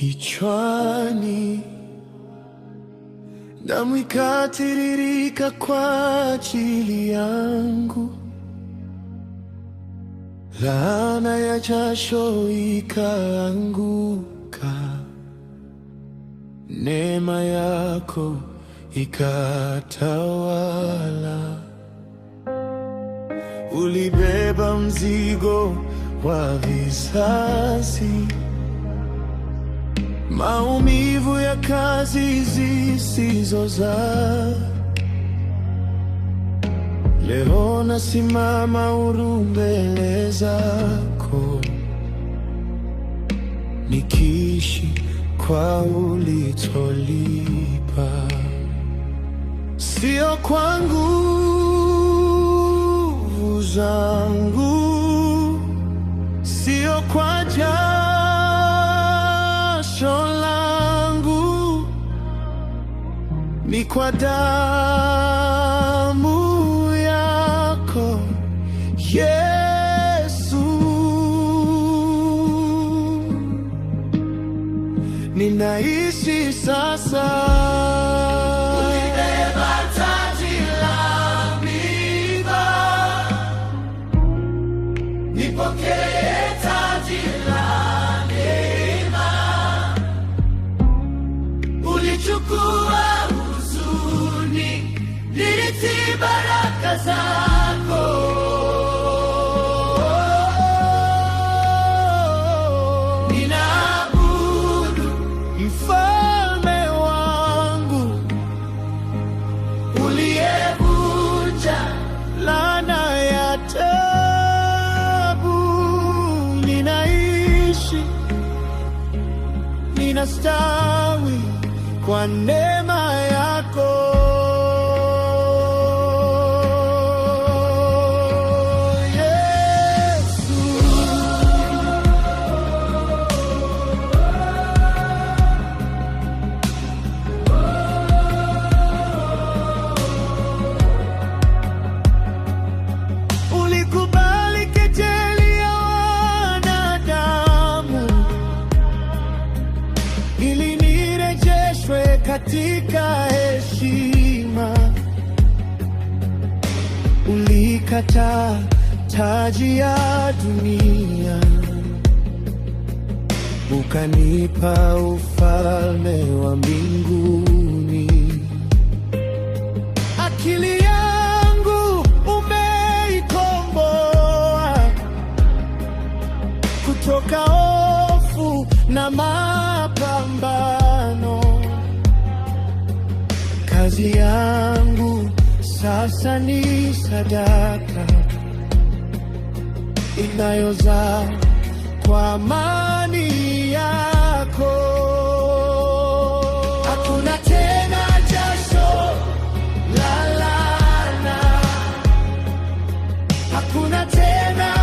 kichwani, damu ikatiririka kwa ajili yangu, laana ya jasho ikaanguka, neema yako ikatawala. Ulibeba mzigo wa vizazi maumivu ya kazi zisizozaa. Leo nasimama huru mbele zako, nikiishi kwa ulitolipa, sio kwa nguvu zangu ni kwa damu yako Yesu, ninaishi sasa. ninastawi kwa neema katika heshima, ulikata taji ya dunia, ukanipa ufalme wa mbingu. kazi yangu sasa ni sadaka inayozaa kwa amani yako. Hakuna tena jasho la laana, hakuna tena